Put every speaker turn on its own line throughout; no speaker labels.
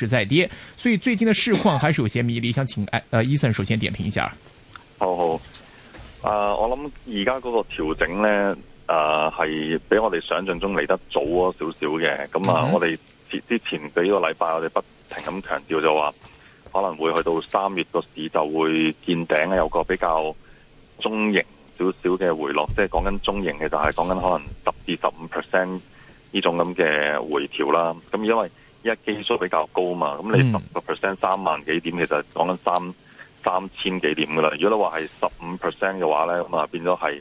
是在跌，所以最近嘅市況還是有些迷離，想請誒、呃，Eason 首先點評一下。好，
好，誒、呃，我諗而家嗰個調整咧，誒、呃，係比我哋想象中嚟得早咗少少嘅。咁啊，我哋之前幾個禮拜，我哋不停咁強調就話，可能會去到三月個市就會見頂，有個比較中型少少嘅回落。即係講緊中型嘅，就係講緊可能十至十五 percent 呢種咁嘅回調啦。咁因為依家基數比較高嘛，咁你十個 percent 三萬幾點，其實講緊三三千幾點噶啦。如果你話係十五 percent 嘅話咧，咁啊變咗係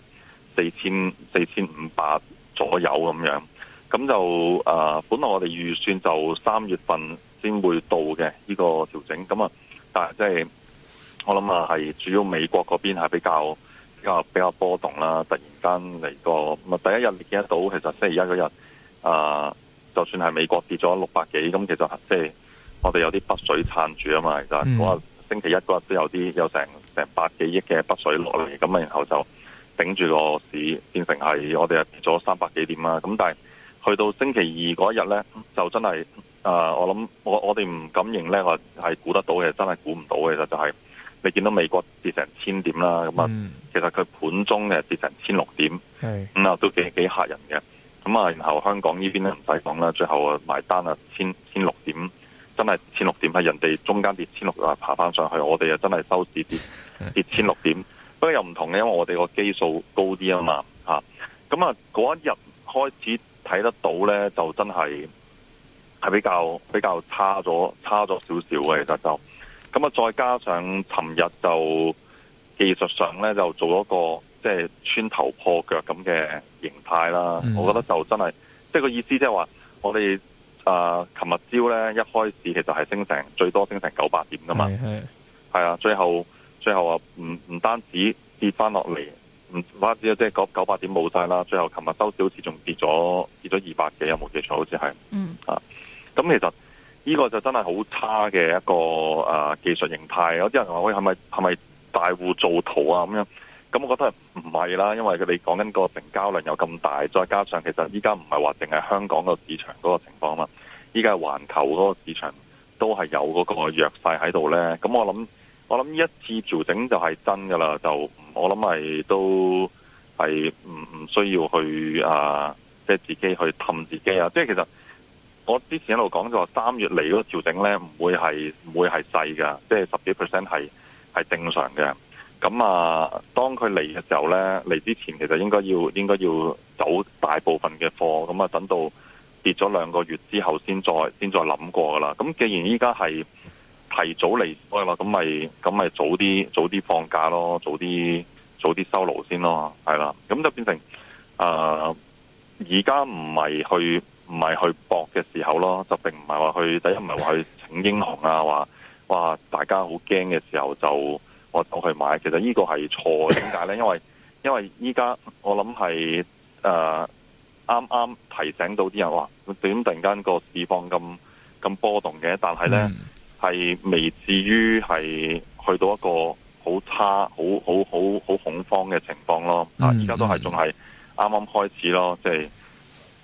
四千四千五百左右咁樣。咁就誒、呃，本來我哋預算就三月份先會到嘅呢、這個調整。咁啊，但係即係我諗啊，係主要美國嗰邊係比較比較比較波動啦，突然間嚟個咁啊，第一日你見得到，其實即係星期一嗰日啊。呃就算係美國跌咗六百幾，咁其實即係我哋有啲北水撐住啊嘛，其實嗰日星期一嗰日都有啲有成成百幾億嘅北水落嚟，咁啊，然後就頂住個市變成係我哋啊跌咗三百幾點啦。咁但係去到星期二嗰一日咧，就真係啊，我諗我我哋唔敢認咧，我係估得到嘅，真係估唔到嘅，就係、是、你見到美國跌成千點啦，咁、嗯、啊，其實佢盤中嘅跌成千六點，咁啊都幾幾嚇人嘅。咁啊，然後香港呢邊咧唔使講啦，最後啊埋單啊，千千六點，真係千六點係人哋中間跌千六啊，爬翻上去，我哋又真係收市跌跌千六點。不過又唔同嘅，因為我哋個基數高啲啊嘛，吓。咁啊，嗰一日開始睇得到咧，就真係係比較比較差咗，差咗少少嘅，其實就咁啊。再加上尋日就技術上咧，就做一個即係穿頭破腳咁嘅。形態啦，嗯，我覺得就真係即係個意思就是，即係話我哋誒琴日朝咧，一開始其實係升成最多升成九百點噶嘛，係啊，最後最後啊，唔唔單止跌翻落嚟，唔單止即係九百點冇晒啦，最後琴日收市好似仲跌咗跌咗二百幾，有冇記錯好似係嗯啊，咁其實呢個就真係好差嘅一個誒、啊、技術形態，有啲人話喂，係咪係咪大戶造圖啊咁樣？咁我覺得唔係啦，因為佢哋講緊個成交量有咁大，再加上其實依家唔係話淨係香港個市場嗰個情況嘛，依家係環球嗰個市場都係有嗰個弱勢喺度咧。咁我諗，我諗呢一次調整就係真噶啦，就我諗係都係唔唔需要去啊，即係自己去氹自己啊。即係其實我之前一路講就話三月嚟嗰個調整咧，唔會係唔會係細噶，即係十幾 percent 係係正常嘅。咁啊，當佢嚟嘅時候呢，嚟之前其實應該要應該要走大部分嘅貨，咁啊等到跌咗兩個月之後再，先再先再諗過噶啦。咁既然依家係提早嚟開啦，咁咪咁咪早啲早啲放假咯，早啲早啲收爐先咯，係啦。咁就變成誒，而家唔係去唔係去搏嘅時候咯，就並唔係話去，第一唔係話去請英雄啊，話哇大家好驚嘅時候就。我我去買，其實這個是錯，為什麼，呢個係錯，點解咧？因為因為依家我諗係誒啱啱提醒到啲人話點突然間個市況咁咁波動嘅，但係咧係未至於係去到一個好差，好好好好恐慌嘅情況咯。啊、嗯，依家都係仲係啱啱開始咯，即係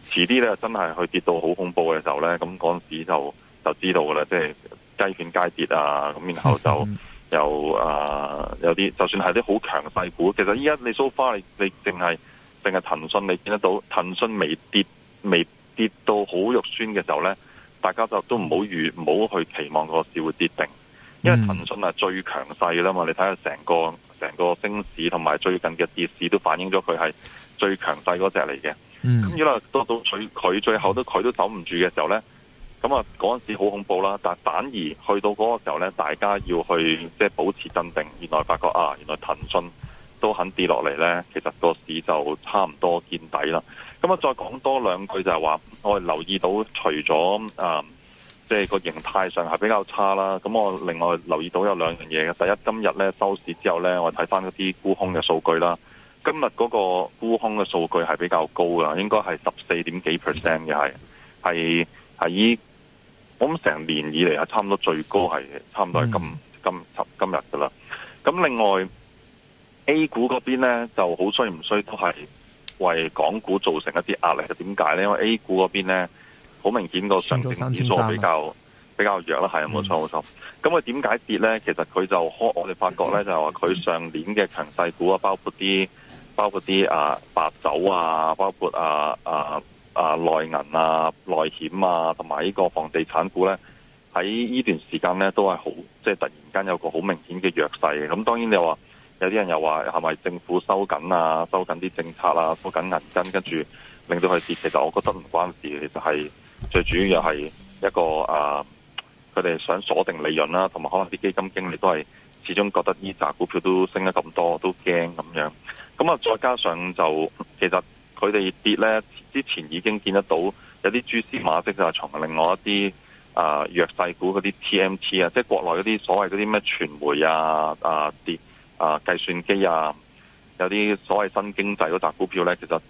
遲啲咧真係去跌到好恐怖嘅時候咧，咁陣時就就知道噶啦，即係雞犬皆跌啊，咁然後就。嗯有啊、呃，有啲就算係啲好強勢股，其實依家你 so far，你你淨係淨係騰訊，你見得到騰訊未跌未跌到好肉酸嘅時候咧，大家就都唔好預唔好去期望個市會跌定，因為騰訊係最強勢啦嘛、嗯。你睇下成個成個升市同埋最近嘅跌市都反映咗佢係最強勢嗰隻嚟嘅。咁如果到到佢佢最後都佢都守唔住嘅時候咧？咁啊，嗰陣時好恐怖啦，但係反而去到嗰個時候呢，大家要去即係保持鎮定。原來發覺啊，原來騰訊都肯跌落嚟呢，其實個市就差唔多見底啦。咁啊，再講多兩句就係話，我留意到除咗啊，即係個形態上係比較差啦。咁我另外留意到有兩樣嘢嘅，第一，今日呢收市之後呢，我睇翻嗰啲沽空嘅數據啦。今日嗰個沽空嘅數據係比較高㗎，應該係十四點幾 percent 嘅係係我諗成年以嚟係差唔多最高，係差唔多係今今今日噶啦。咁、嗯、另外 A 股嗰邊咧就好衰唔衰都係為港股造成一啲壓力。點解咧？因為 A 股嗰邊咧好明顯個上證指數比較, 3, 3, 3, 3. 比，較比較弱啦。係冇錯冇錯。咁佢點解跌咧？其實佢就開我哋發覺咧就係話佢上年嘅強勢股啊，啊，包括啲包括啲啊白酒啊，包括啊啊。啊，內銀啊，內險啊，同埋呢個房地產股呢，喺呢段時間呢都係好，即係突然間有個好明顯嘅弱勢。咁當然你話有啲人又話係咪政府收緊啊，收緊啲政策啦、啊，收緊銀根，跟住令到佢跌。其實我覺得唔關事，就係、是、最主要又係一個啊，佢哋想鎖定利潤啦、啊，同埋可能啲基金經理都係始終覺得呢扎股票都升得咁多，都驚咁樣。咁啊，再加上就其實。佢哋跌咧，之前已經見得到有啲蛛絲馬迹，就係從另外一啲啊、呃、弱勢股嗰啲 TMT 啊，即係國內嗰啲所謂嗰啲咩傳媒啊、啊跌啊計算機啊，有啲所謂新經濟嗰扎股票咧，其實啊、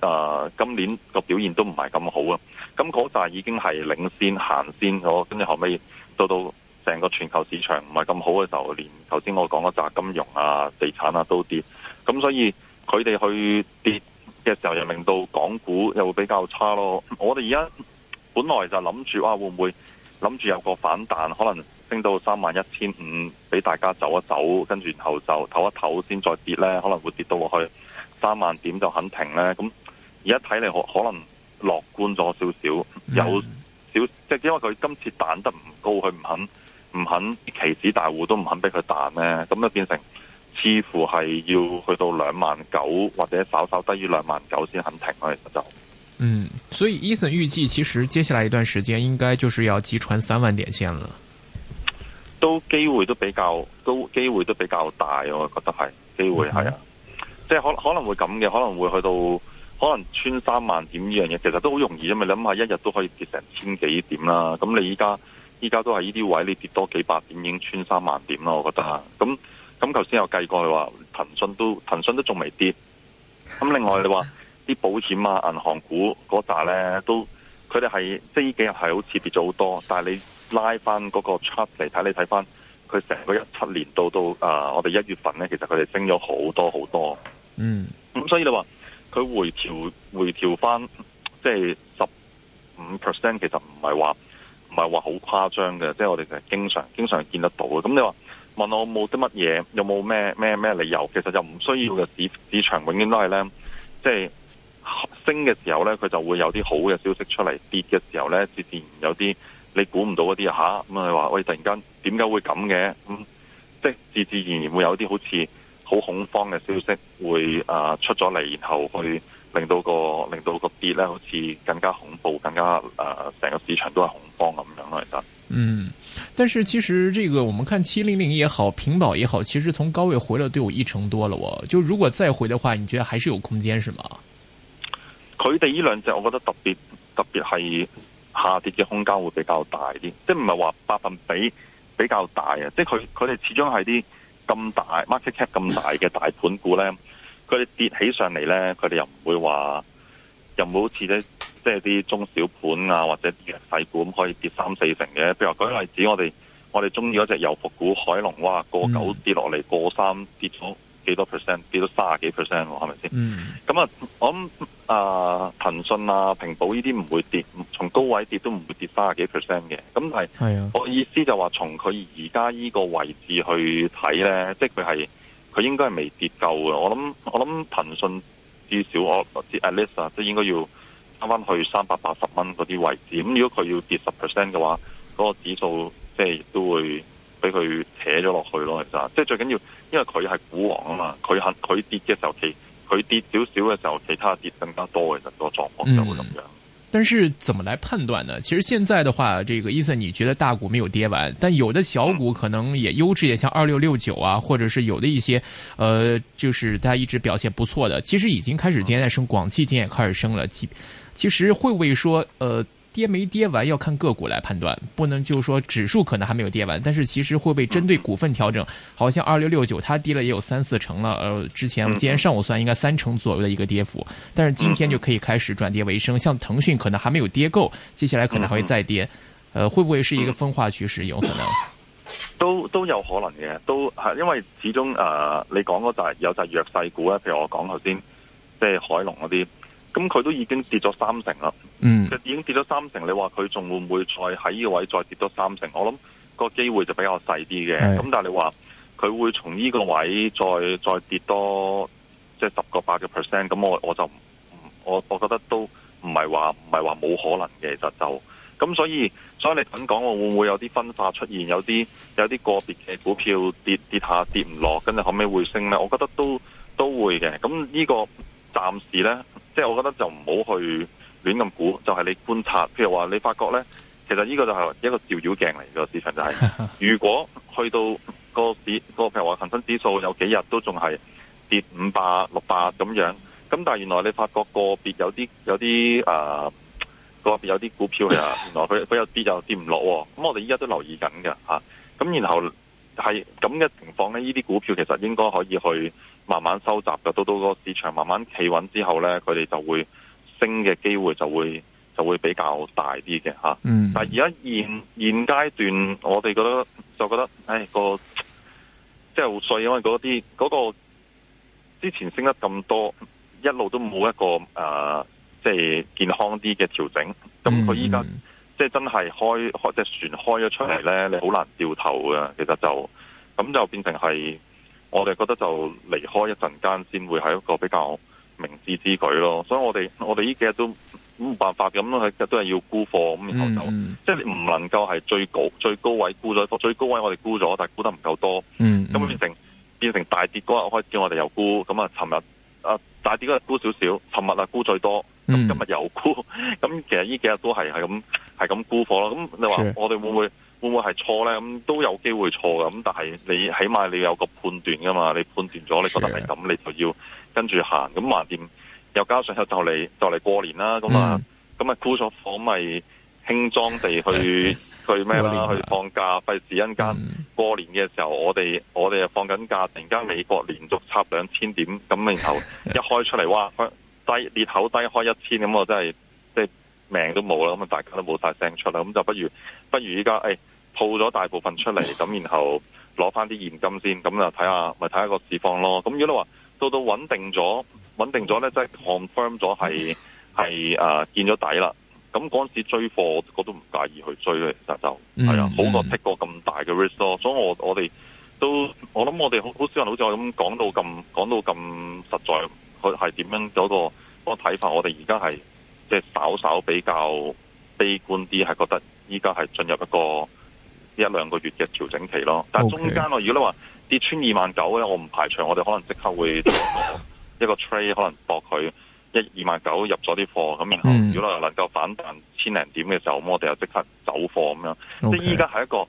呃、今年個表現都唔係咁好啊。咁嗰紮已經係領先行先咗，跟住後尾到到成個全球市場唔係咁好嘅時候，連頭先我講嗰紮金融啊、地產啊都跌。咁所以佢哋去跌。嘅時候又令到港股又會比較差咯。我哋而家本來就諗住話會唔會諗住有個反彈，可能升到三萬一千五，俾大家走一走，跟住然後就唞一唞先再跌咧，可能會跌到落去三萬點就肯停咧。咁而家睇嚟可可能樂觀咗少少，有少即係因為佢今次彈得唔高，佢唔肯唔肯期指大戶都唔肯俾佢彈咧，咁就變成。似乎係要去到兩萬九，或者稍稍低於兩萬九先肯停咯、啊。其實就嗯，
所以 Eason 預計，其實接下來一段時間應該就是要擊穿三萬點線了。
都機會都比較都機會都比較大、啊，我覺得係機會係啊、嗯，即係可可能會咁嘅，可能會去到可能穿三萬點呢樣嘢，其實都好容易因為你諗下，一日都可以跌成千幾點啦。咁你依家依家都係呢啲位，你跌多幾百點已經穿三萬點咯。我覺得啊，咁。咁頭先我計過，你話騰訊都騰訊都仲未跌，咁另外你話啲保險啊銀行股嗰笪咧都佢哋係即係呢幾日係好似跌咗好多，但係你拉翻嗰個 chart 嚟睇，你睇翻佢成個一七年到到啊我哋一月份咧，其實佢哋升咗好多好多。嗯，咁所以你話佢回調回調翻即係十五 percent，其實唔係話唔係話好誇張嘅，即係、就係、我哋就經常經常見得到嘅。咁你話？問我冇啲乜嘢，有冇咩咩咩理由？其實就唔需要嘅，市市場永遠都是，永遠都係咧，即係升嘅時候咧，佢就會有啲好嘅消息出嚟；跌嘅時候咧，自自然有啲你估唔到嗰啲嚇。咁啊話喂，突然間點解會咁嘅？咁即係自自然然會有啲好似好恐慌嘅消息會誒、呃、出咗嚟，然後去令到個令到個跌咧，好似更加恐怖，更加誒成、呃、個市場都係恐慌咁樣咯，其實。
嗯，但是其實這個我們看七零零也好，平保也好，其實從高位回落都有一成多了，就如果再回的話，你覺得還是有空間是嗎？
佢哋呢兩隻我覺得特別特別，係下跌嘅空間會比較大啲，即係唔係話百分比比較大啊，即係佢佢哋始終係啲咁大 market cap 咁大嘅大盤股呢，佢哋跌起上嚟呢，佢哋又唔會話又唔會好似咧。即係啲中小盤啊，或者啲細股可以跌三四成嘅。譬如話舉例子，我哋我哋中意嗰隻油服股海龍，哇，個九跌落嚟，個三跌咗幾多 percent，跌咗三十幾 percent 喎，係咪先？咁、嗯、啊，我諗啊騰訊啊、平保呢啲唔會跌，從高位跌都唔會跌三十幾 percent 嘅。咁係、啊、我意思就話，從佢而家依個位置去睇咧，即係佢係佢應該係未跌夠嘅。我諗我諗騰訊至少我我知 at least 啊，都應該要。差翻去三百八十蚊嗰啲位置，咁如果佢要跌十 percent 嘅話，嗰、那個指數即係都會俾佢扯咗落去咯，其實。即係最緊要，因為佢係股王啊嘛，佢肯佢跌嘅時候其佢跌少少嘅時候，其他，他，他跌更加多嘅，其、這、實個狀況就會咁
樣、嗯。但是，怎麼來判斷呢？其實現在的話，這個 Eason 你覺得大股沒有跌完，但有的小股可能也優質，也像二六六九啊，或者是有的一些，呃，就是大家一直表現不錯的，其實已經開始今天升，廣汽今天也開始升了，其實會不會說，呃，跌沒跌完要看個股來判斷，不能就是說指數可能還沒有跌完，但是其實會不會針對股份調整？好像二六六九它跌了也有三四成了，呃，之前今天上午算應該三成左右的一個跌幅，但是今天就可以開始轉跌為升。像騰訊可能還沒有跌夠，接下來可能還會再跌，呃，會不會是一個分化趨勢？有可能，
都都有可能嘅，都因為始終呃你講嗰就係有就係弱勢股咧，譬如我講頭先，即係海龍嗰啲。咁佢都已經跌咗三成啦，其實，嗯，已經跌咗三成。你話佢仲會唔會再喺呢個位再跌多三成？我諗個機會就比較細啲嘅。咁但係你話佢會從呢個位再再跌多即係十個八個 percent？咁我我就唔我我覺得都唔係話唔係話冇可能嘅，其實就咁所以所以你咁講會會唔會有啲分化出現？有啲有啲個別嘅股票跌跌下跌唔落，跟住後尾會升咧？我覺得都都會嘅。咁呢個。暫時咧，即、就、係、是、我覺得就唔好去亂咁估，就係、是、你觀察。譬如話，你發覺咧，其實呢個就係一個照妖鏡嚟嘅市場，就是，就係如果去到個市個譬如話恒生指數有幾日都仲係跌五百六百咁樣，咁但係原來你發覺個別有啲有啲誒、呃、個別有啲股票在在啊，原來佢佢有啲又跌唔落喎。咁我哋依家都留意緊嘅嚇，咁然後係咁嘅情況咧，呢啲股票其實應該可以去。慢慢收集嘅，到到嗰個市場慢慢企穩之後咧，佢哋就會升嘅機會就會就會比較大啲嘅嚇。但係而家現在現，現階段，我哋覺得就覺得，唉、哎那個即係所以因為嗰啲嗰個之前升得咁多，一路都冇一個誒、呃，即係健康啲嘅調整。咁佢依家即係真係開開隻船開咗出嚟咧，你、嗯、好難掉頭嘅。其實就咁就變成係。我哋覺得就離開一陣間，先會係一個比較明智之舉咯。所以我哋我哋呢幾日都冇辦法咁咯，都係要沽貨咁然後就，嗯、即係你唔能夠係最高最高位沽咗，最高位我哋沽咗，但係沽得唔夠多。咁、嗯、變成變成大跌嗰日開始叫我哋、啊嗯、又沽，咁啊，尋日啊大跌嗰日沽少少，尋日啊沽最多，咁今日又沽。咁其實呢幾日都係係咁係咁沽貨咯。咁你話我哋會唔會？會唔會係錯咧？咁都有機會錯嘅，咁但係你起碼你有個判斷㗎嘛？你判斷咗，你覺得係咁，你就要跟住行。咁啊，橫掂，又加上又就嚟就嚟過年啦，咁、嗯、啊，咁啊，沽咗貨咪輕裝地去、哎、去咩去放假，嗯、費事一間過年嘅時候，我哋我哋又放緊假，突然間美國連續插兩千點，咁然後一開出嚟哇，低裂口低，低開一千，咁我真係即係命都冇啦！咁啊，大家都冇晒聲出啦，咁就不如不如依家套咗大部分出嚟，咁然後攞翻啲現金先，咁就睇下，咪睇下個市況咯。咁如果你話到到穩定咗，穩定咗咧，即係 confirm 咗係係誒見咗底啦。咁嗰陣時追貨，我都唔介意去追咧，其實就係啊，好、mm -hmm. 過 take 過咁大嘅 risk 咯。所以我我哋都我諗，我哋好好少人好似我咁講到咁講到咁實在，佢係點樣嗰個嗰個睇法？我哋而家係即係稍稍比較悲觀啲，係覺得依家係進入一個這一兩個月嘅調整期咯，但中間我、okay. 如果你話跌穿二萬九咧，我唔排除我哋可能即刻會一個 trade 可能博佢一二萬九入咗啲貨，咁然後如果能夠反彈千零點嘅時候，咁我哋又即刻走貨咁樣。Okay. 即係依家係一個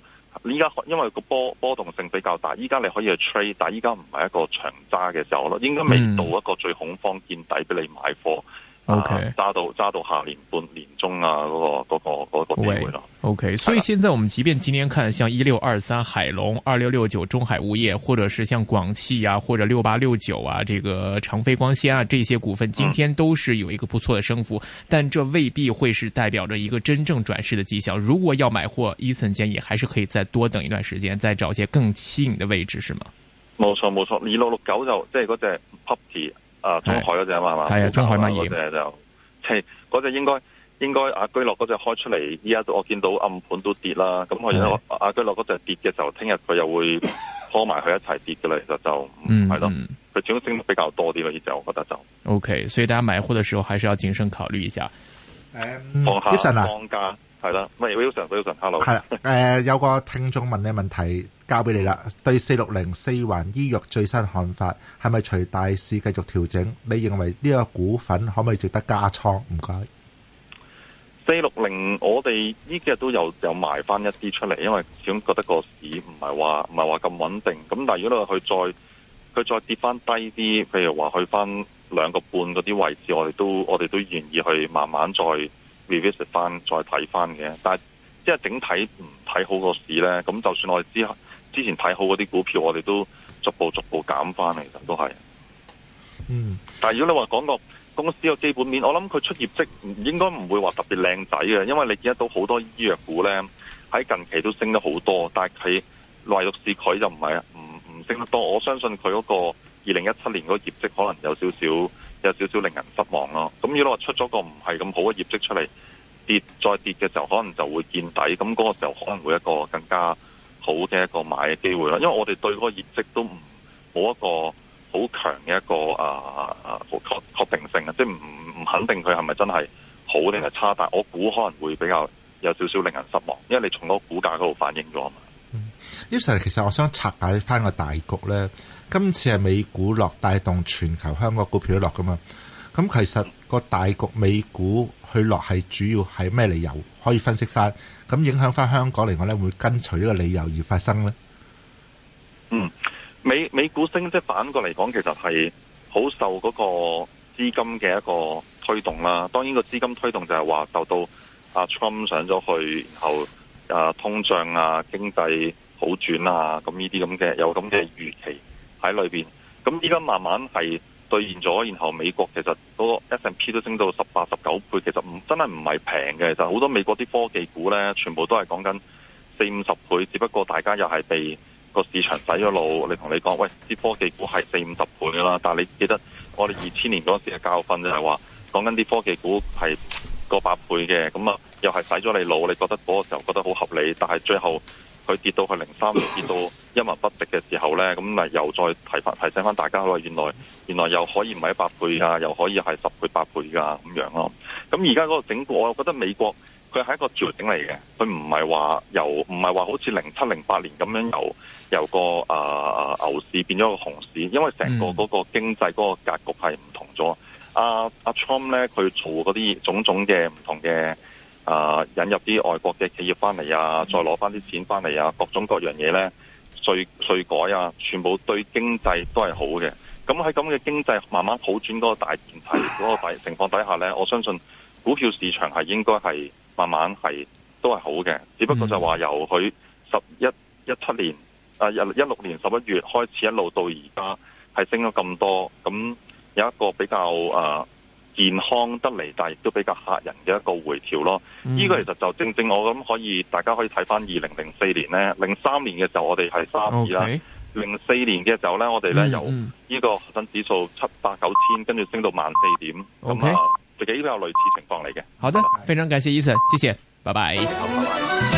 依家因為個波波動性比較大，依家你可以去 trade，但係依家唔係一個長揸嘅時候咯，應該未到一個最恐慌見底俾你買貨。揸、okay. 啊、到揸到下年半年中啊，嗰、那個嗰、那個嗰、
那個位咯。O、okay. K，、嗯、所以現在我們即便今天看，像一六二三海龍、二六六九中海物業，或者是像廣汽啊，或者六八六九啊，這個長飛光纖啊，這些股份今天都是有一個不錯的升幅，嗯、但這未必會是代表着一個真正轉勢的跡象。如果要買貨，伊森建議還是可以再多等一段時間，再找些更吸引的位置，是嗎？
冇錯冇錯，二六六九就即係嗰隻 up 字。啊，中海嗰隻啊嘛，係嘛？中海乜嘢嗰就，係嗰隻應該應該阿居樂嗰隻開出嚟，依家都我見到暗盤都跌啦。咁我因為阿居樂嗰隻跌嘅時候，聽日佢又會拖埋佢一齊跌噶啦。其實就，係係咯，佢始、嗯、升得比較多啲咯，依就我覺得就。
O、okay, K，所以大家買貨嘅時候還是要謹慎考慮一下。
誒、哎、，Uson、嗯、啊，啦，喂 Uson hello 係
啦。誒、呃，有個聽眾問你問題。 交俾你啦，對四六零四環醫藥最新看法係咪隨大市繼續調整？你認為呢個股份可唔可以值得加倉？唔該，
四六零，我哋呢幾日都有有埋翻一啲出嚟，因為始終覺得個市唔係話唔係話咁穩定。咁但係如果你話佢再佢再跌翻低啲，譬如話去翻兩個半嗰啲位置，我哋都我哋都願意去慢慢再 revisit 翻再睇翻嘅。但係即係整體唔睇好個市咧，咁就算我哋之後。之前睇好嗰啲股票，我哋都逐步逐步減翻嚟，其實都係。嗯，但係如果你話講個公司個基本面，我諗佢出業績應該唔會話特別靚仔嘅，因為你見得到好多醫藥股咧喺近期都升得好多，但係佢內藥市佢就唔係啊，唔唔升得多。我相信佢嗰個二零一七年嗰個業績可能有少少有少少令人失望咯。咁如果你話出咗個唔係咁好嘅業績出嚟，跌再跌嘅時候可能就會見底，咁嗰個時候就可能會一個更加。好嘅一個買嘅機會啦，因為我哋對嗰個業績都冇一個好強嘅一個啊啊確，確定性啊，即係唔唔肯定佢係咪真係好定係差，但係、嗯、我估可能會比較有少少令人失望，因為你從嗰個股價嗰度反映咗啊嘛。嗯、
葉 Sir 其實我想拆解翻個大局咧，今次係美股落，帶動全球香港股票落噶嘛。咁其實個大局美股去落係主要係咩理由？可以分析翻，咁影響翻香港嚟講咧，會唔會跟隨呢個理由而發生咧。嗯，
美美股升，即反過嚟講，其實係好受嗰個資金嘅一個推動啦。當然個資金推動就係話受到阿 Trump 上咗去然後，啊通脹啊經濟好轉啊咁呢啲咁嘅有咁嘅預期喺裏邊。咁依家慢慢係。兌現咗，然後美國其實嗰 S&P 都升到十八、十九倍，其實唔真係唔係平嘅。其實好多美國啲科技股呢，全部都係講緊四五十倍，只不過大家又係被個市場洗咗腦。你同你講，喂，啲科技股係四五十倍噶啦，但你記得我哋二千年嗰時嘅教訓，就係話，講緊啲科技股係個百倍嘅，咁啊又係洗咗你腦，你覺得嗰個時候覺得好合理，但係最後。佢跌到去零三，跌到一文不值嘅時候咧，咁咪又再提翻提醒翻大家，話原來原來又可以唔係一百倍啊，又可以係十倍、八倍噶咁樣咯。咁而家嗰個整個，我覺得美國佢係一個調整嚟嘅，佢唔係話由唔係話好似零七零八年咁樣由由個啊、呃、牛市變咗個熊市，因為成個嗰個經濟嗰個格局係唔同咗。阿阿 Trump 咧，佢做嗰啲種種嘅唔同嘅。啊！引入啲外國嘅企業翻嚟啊，再攞翻啲錢翻嚟啊，各種各樣嘢咧稅稅改啊，全部對經濟都係好嘅。咁喺咁嘅經濟慢慢好轉嗰個大前提，嗰個大情況底下咧，我相信股票市場係應該係慢慢係都係好嘅。只不過就話由佢十一一七年啊一六年十一月開始一路到而家係升咗咁多，咁有一個比較啊。健康得嚟，但亦都比較嚇人嘅一個回調咯。呢、嗯呢個其實就正正我咁可以，大家可以睇翻二零零四年咧，零三年嘅時候我哋係三二啦，零、okay? 四年嘅時候咧，我哋咧由呢個恆生指數七八九千，跟住升到萬四點，咁、okay? 啊，自己都有類似情況嚟嘅。
好的，非常感謝醫生，謝謝，拜拜。